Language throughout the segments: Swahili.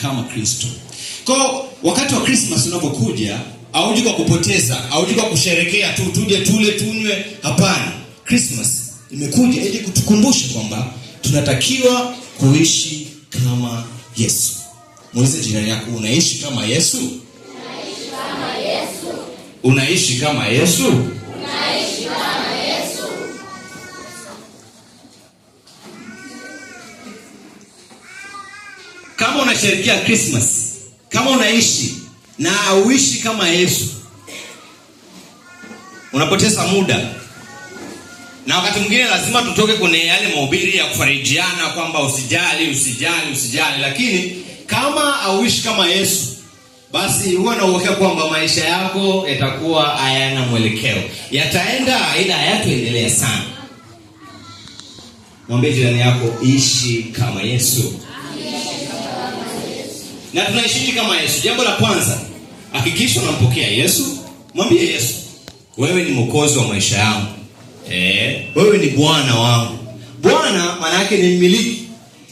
kama Kristo. Kwa wakati wa Christmas unapokuja, auji kwa kupoteza, auji kwa kusherekea tu tuje tule tunywe, hapana. Christmas imekuja ili kutukumbusha kwamba tunatakiwa kuishi kama Yesu. Muulize jirani yako, unaishi kama Yesu? Unaishi kama Yesu? Unaishi kama Yesu? unasherekea Christmas, kama unaishi na auishi kama Yesu, unapoteza muda na wakati mwingine lazima tutoke kwenye yale mahubiri ya kufarijiana kwamba usijali, usijali, usijali, lakini kama auishi kama Yesu, basi huwa na uhakika kwamba maisha yako yatakuwa hayana mwelekeo, yataenda ila hayatoendelea sana. Mwambie jirani yako, ishi kama Yesu na tunaishiki kama Yesu. Jambo la kwanza, hakikisha unampokea Yesu. Mwambie Yesu, wewe ni mwokozi wa maisha yangu eh, wewe ni bwana wangu. Bwana maana yake ni mmiliki.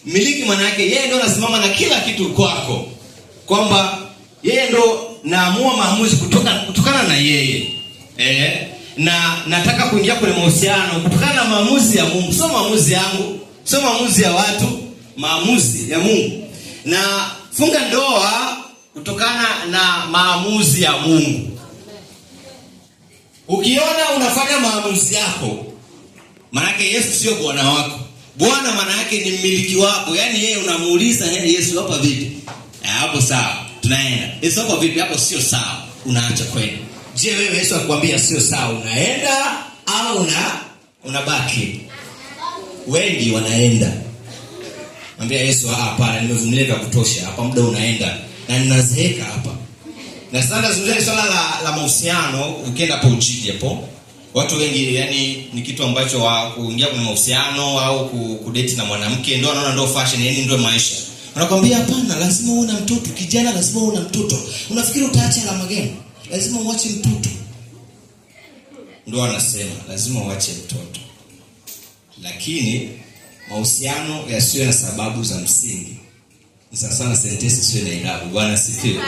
Mmiliki maana yake yeye ndio anasimama na kila kitu kwako, kwamba yeye ndo naamua maamuzi kutoka, kutokana na yeye eh, na nataka kuingia kwenye mahusiano kutokana na maamuzi ya Mungu, sio maamuzi yangu, sio maamuzi ya watu, maamuzi ya Mungu na funga ndoa kutokana na maamuzi ya Mungu. Ukiona unafanya maamuzi yako, maanake Yesu sio bwana wako. Bwana maana yake ni mmiliki wako, yaani yeye unamuuliza, yaani Yesu hapa vipi? Eh, hapo sawa, tunaenda. Yesu eh, hapo vipi? Hapo sio sawa, unaacha kwenda. Je, wewe Yesu akwambia sio sawa, unaenda au una unabaki? Wengi wanaenda Mwambia Yesu, ah, hapana, nimevumilia vya kutosha hapa, muda unaenda na ninazeeka hapa. Na sasa nazungumzia swala la, la mahusiano. Ukienda hapo Ujiji hapo watu wengi yani ni kitu ambacho wa kuingia kwenye mahusiano au ku, kudeti na mwanamke ndio anaona ndio fashion, yani ndio maisha. Unakwambia hapana, lazima uwe na mtoto kijana, lazima uwe na mtoto. Unafikiri utaacha alama gani? Lazima uache mtoto. Ndio anasema lazima uache mtoto, lakini mahusiano yasiyo na sababu za msingi. Ni sawa sana sentensi sio na adabu. Bwana asifiwe.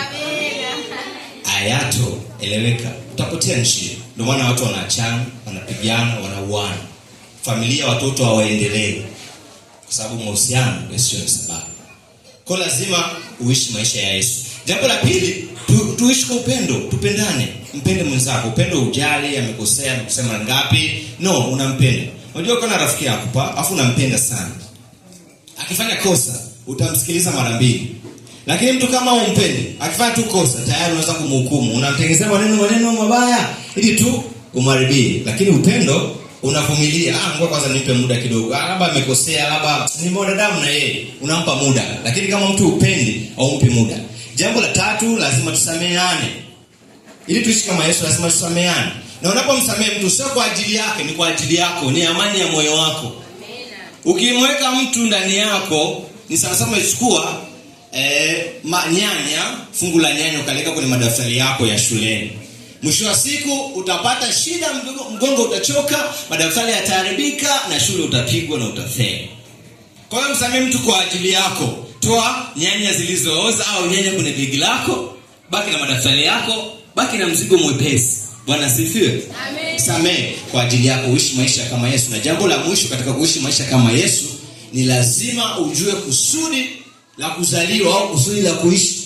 Ayato eleweka, utapotea nchi Ndio maana watu wanachana, wanapigana, wanauana, familia, watoto hawaendelee, kwa sababu mahusiano yasiyo ya sababu. Kwa lazima uishi maisha ya Yesu. Jambo la pili, tu, tuishi kwa upendo, tupendane. Mpende mwenzako, upendo ujali, amekosea, amekusema ngapi? No, unampenda Unajua uko rafiki yako pa, afu unampenda sana. Akifanya kosa, utamsikiliza mara mbili. Lakini mtu kama umpendi, akifanya tu kosa, tayari unaweza kumhukumu. Unamtengenezea maneno maneno mabaya ili tu umharibie. Lakini upendo unavumilia. Ah, ngoja kwanza nipe muda kidogo. Ah, labda amekosea, labda ni damu na yeye. Unampa muda. Lakini kama mtu upendi, au umpi muda. Jambo la tatu, lazima tusameane. Ili tuishi kama Yesu, lazima tusameane. Na unapomsamehe mtu sio kwa ajili yake, ni kwa ajili yako, ni amani ya moyo wako. Ukimweka mtu ndani yako, ni sawa sawa umechukua eh, nyanya, fungu la nyanya ukaleka kwenye madaftari yako ya shuleni. Mwisho wa siku utapata shida, mgongo mgongo utachoka, madaftari yataharibika, na shule utapigwa na utafeli. Kwa hiyo msamee mtu kwa ajili yako. Toa nyanya zilizooza au nyanya kwenye begi lako, baki na madaftari yako, baki na mzigo mwepesi. Bwana sifiwe. Amen. Samehe kwa ajili yako uishi maisha kama Yesu. Na jambo la mwisho katika kuishi maisha kama Yesu ni lazima ujue kusudi la kuzaliwa au kusudi la kuishi.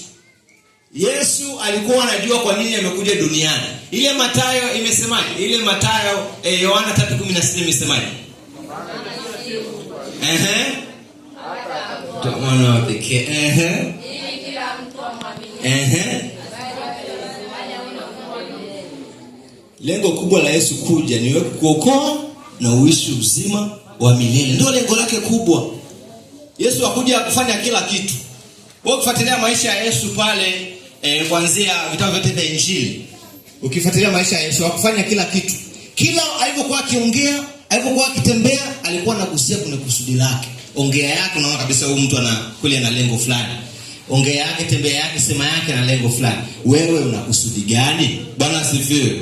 Yesu alikuwa anajua kwa nini amekuja duniani. Ile Mathayo imesemaje? Ile Mathayo eh, Yohana 3:16 imesemaje? Mwana wa pekee. Lengo kubwa la Yesu kuja ni wewe kuokoa na uishi uzima wa milele, ndio lengo lake kubwa. Yesu hakuja kufanya kila kitu. Wewe ukifuatilia maisha ya Yesu pale eh, kuanzia vitabu vyote vya Injili, ukifuatilia maisha ya Yesu hakufanya kila kitu. Kila alivyokuwa akiongea, alivyokuwa akitembea, alikuwa anagusia kuna kusudi lake. Ongea yake unaona kabisa huyu mtu ana kweli ana lengo fulani. Ongea yake, tembea yake, sema yake na lengo fulani. Wewe una kusudi gani? Bwana asifiwe.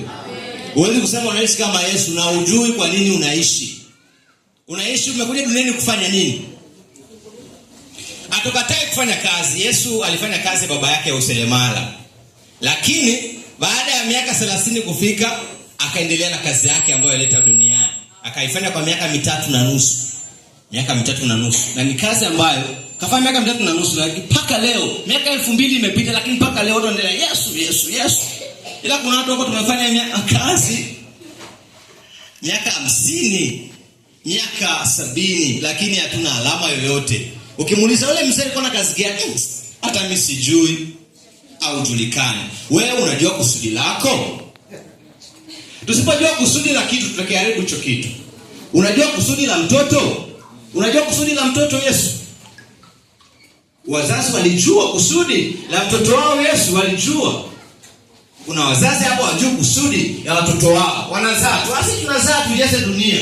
Uwezi kusema unaishi kama Yesu na ujui kwa nini unaishi. Unaishi, umekuja duniani kufanya nini? Hatukatae kufanya kazi. Yesu alifanya kazi baba yake useremala, lakini baada ya miaka 30 kufika akaendelea na kazi yake ambayo alileta duniani, akaifanya kwa miaka mitatu na nusu. Miaka mitatu na nusu, na ni kazi ambayo kafanya miaka mitatu na nusu, lakini mpaka leo miaka elfu mbili imepita, lakini mpaka leo ndio wanaendelea Yesu, Yesu, Yesu. Ila kuna watu wako tumefanya kazi miaka hamsini, miaka sabini, lakini hatuna alama yoyote. Ukimuuliza yule mzee alikuwa na kazi gani, hata mimi sijui au julikani. Wewe unajua kusudi lako? Tusipojua kusudi la kitu tutakiharibu hicho kitu. Unajua kusudi la mtoto? Unajua kusudi la mtoto Yesu? Wazazi walijua kusudi la mtoto wao Yesu, walijua kuna wazazi hapo wajui kusudi ya watoto wao, wanazaa tu, asi tunazaa tujaze dunia.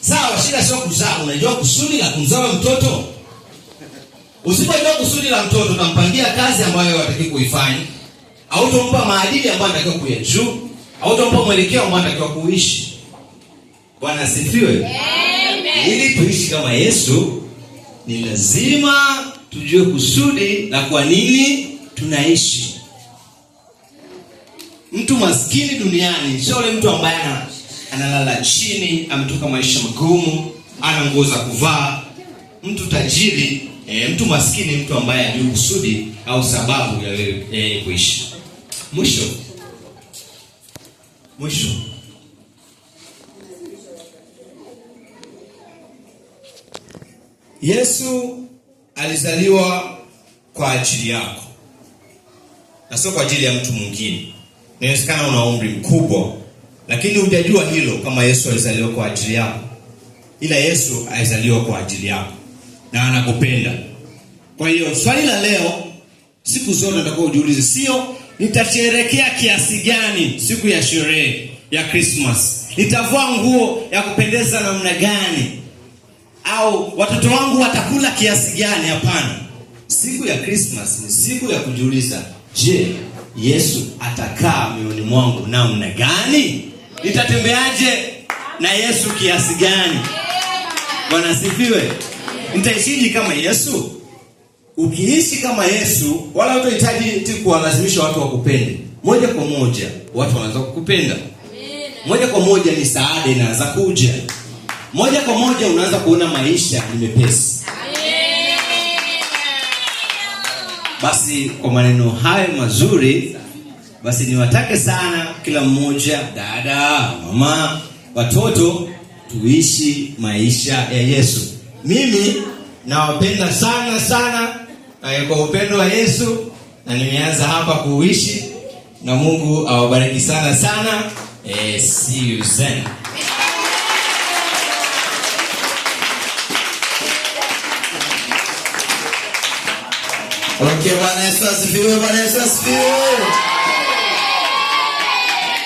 Sawa, shida sio kuzaa. Unajua kusudi la kumzaa mtoto? Usipojua kusudi la mtoto, utampangia kazi ambayo hataki kuifanya, hautompa maadili ambayo anatakiwa kuyajua, hautompa mwelekeo ambao anatakiwa kuishi. Bwana asifiwe. Ili tuishi kama Yesu, ni lazima tujue kusudi la kwa nini tunaishi. Mtu maskini duniani sio ule mtu ambaye analala chini, ametoka maisha magumu, ana nguo za kuvaa. Mtu tajiri e, mtu maskini, mtu ambaye ajui kusudi au sababu ya yeye eh, kuishi. Mwisho mwisho Yesu alizaliwa kwa ajili yako na sio kwa ajili ya mtu mwingine. Inawezekana una umri mkubwa, lakini hujajua hilo kama Yesu alizaliwa kwa ajili yako, ila Yesu alizaliwa kwa ajili yako na anakupenda. Kwa hiyo swali la leo, siku zote nataka ujiulize, sio nitasherekea kiasi gani siku ya sherehe ya Christmas, nitavua nguo ya kupendeza namna gani, au watoto wangu watakula kiasi gani? Hapana, siku ya Christmas ni siku ya kujiuliza Je, Yesu atakaa mioyoni mwangu namna gani? Nitatembeaje na Yesu kiasi gani? Bwana asifiwe. Nitaishiji kama Yesu? Ukiishi kama Yesu, wala utahitaji ti kuwalazimisha watu wakupende. Moja kwa moja watu wanaanza kukupenda. Moja kwa moja misaada inaanza kuja. Moja kwa moja unaanza kuona maisha ni mepesi. Basi kwa maneno hayo mazuri, basi niwatake sana kila mmoja, dada, mama, watoto, tuishi maisha ya Yesu. Mimi nawapenda sana sana kwa upendo wa Yesu, na nimeanza hapa kuishi, na Mungu awabariki sana sana. Eh, see you then. Ela queima nessas viu, vai nessas viu.